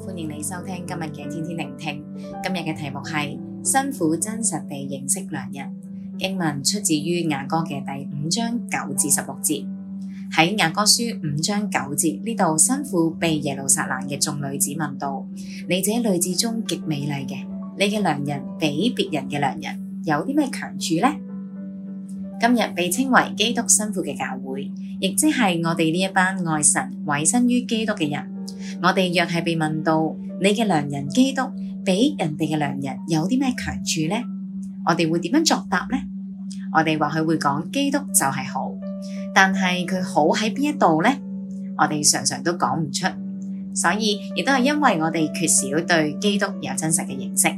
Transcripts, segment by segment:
歡迎你收聽今日嘅天天聆聽。今日嘅題目係新婦真實地認識良人。經文出自於雅歌嘅第五章九至十六節。喺雅歌書五章九節呢度，新婦被耶路撒冷嘅眾女子問道：你這女子中極美麗嘅，你嘅良人比別人嘅良人有啲咩強處呢？今日被稱為基督新婦嘅教會，亦即係我哋呢一班愛神、委身於基督嘅人。我哋若係被問到，你嘅良人基督比人哋嘅良人有啲咩強處呢？我哋會點樣作答呢？我哋或許會講基督就係好，但係佢好喺邊一度呢？我哋常常都講唔出，所以亦都係因為我哋缺少對基督有真實嘅認識。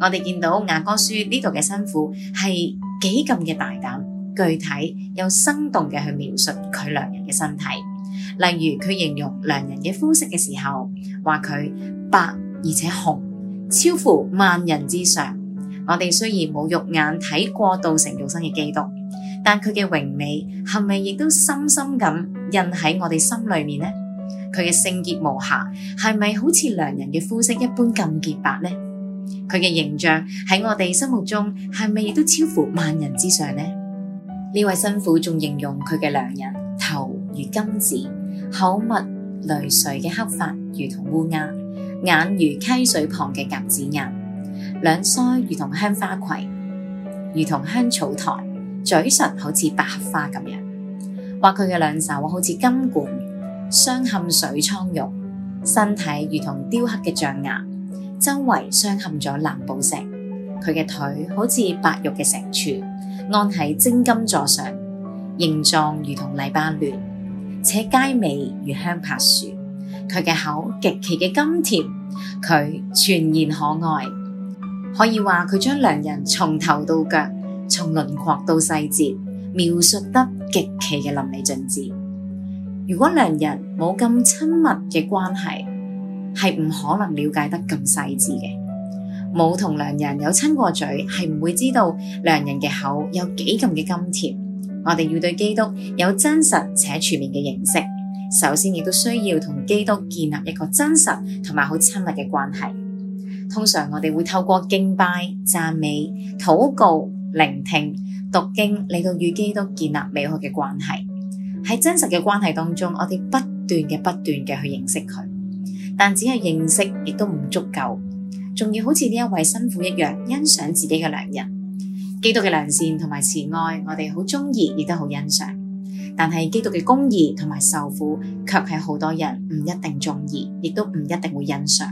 我哋見到雅歌書呢度嘅新婦係幾咁嘅大膽、具體又生動嘅去描述佢良人嘅身體。例如佢形容良人嘅膚色嘅時候，話佢白而且紅，超乎萬人之上。我哋雖然冇肉眼睇過道成肉身嘅基督，但佢嘅榮美係咪亦都深深咁印喺我哋心裏面呢？佢嘅聖潔無瑕係咪好似良人嘅膚色一般咁潔白呢？佢嘅形象喺我哋心目中係咪亦都超乎萬人之上呢？呢位新婦仲形容佢嘅良人頭如金子。口蜜累垂嘅黑髮，如同烏鴉；眼如溪水旁嘅鴿子眼，兩腮如同香花畦，如同香草台；嘴唇好似百合花咁樣。話佢嘅兩手好似金管，鑲嵌水蒼玉；身體如同雕刻嘅象牙，周圍鑲嵌咗藍寶石。佢嘅腿好似白玉嘅石柱，安喺精金座上，形狀如同黎巴嫩。且佳美如香柏樹，佢嘅口極其嘅甘甜，佢全然可愛，可以話佢將良人從頭到腳，從輪廓到細節描述得極其嘅淋漓盡致。如果良人冇咁親密嘅關係，係唔可能了解得咁細緻嘅。冇同良人有親過嘴，係唔會知道良人嘅口有幾咁嘅甘甜。我哋要對基督有真實且全面嘅認識，首先亦都需要同基督建立一個真實同埋好親密嘅關係。通常我哋會透過敬拜、讚美、禱告、聆聽、讀經，嚟到與基督建立美好嘅關係。喺真實嘅關係當中，我哋不斷嘅、不斷嘅去認識佢。但只係認識亦都唔足夠，仲要好似呢一位新婦一樣欣賞自己嘅良人。基督嘅良善同埋慈愛，我哋好中意，亦都好欣賞。但係基督嘅公義同埋受苦，卻係好多人唔一定中意，亦都唔一定會欣賞。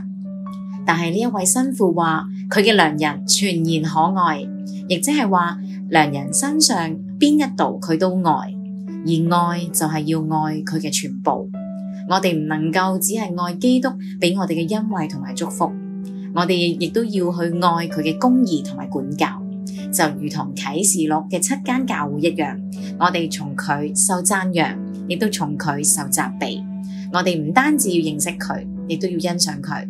但係呢一位新婦話佢嘅良人全然可愛，亦即係話良人身上邊一度佢都愛，而愛就係要愛佢嘅全部。我哋唔能夠只係愛基督俾我哋嘅恩惠同埋祝福，我哋亦都要去愛佢嘅公義同埋管教。就如同啟示錄嘅七間教會一樣，我哋從佢受讚揚，亦都從佢受責備。我哋唔單止要認識佢，亦都要欣賞佢。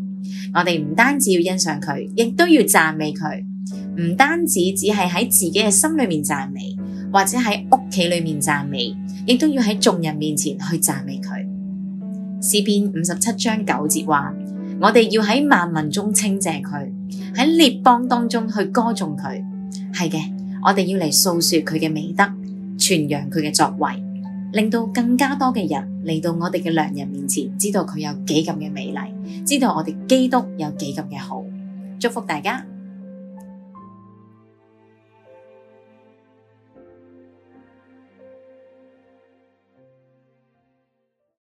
我哋唔單止要欣賞佢，亦都要讚美佢。唔單止只係喺自己嘅心裏面讚美，或者喺屋企裏面讚美，亦都要喺眾人面前去讚美佢。詩篇五十七章九節話：「我哋要喺萬民中稱謝佢，喺列邦當中去歌頌佢。」係嘅，我哋要嚟訴說佢嘅美德，傳揚佢嘅作為，令到更加多嘅人嚟到我哋嘅良人面前，知道佢有幾咁嘅美麗，知道我哋基督有幾咁嘅好，祝福大家。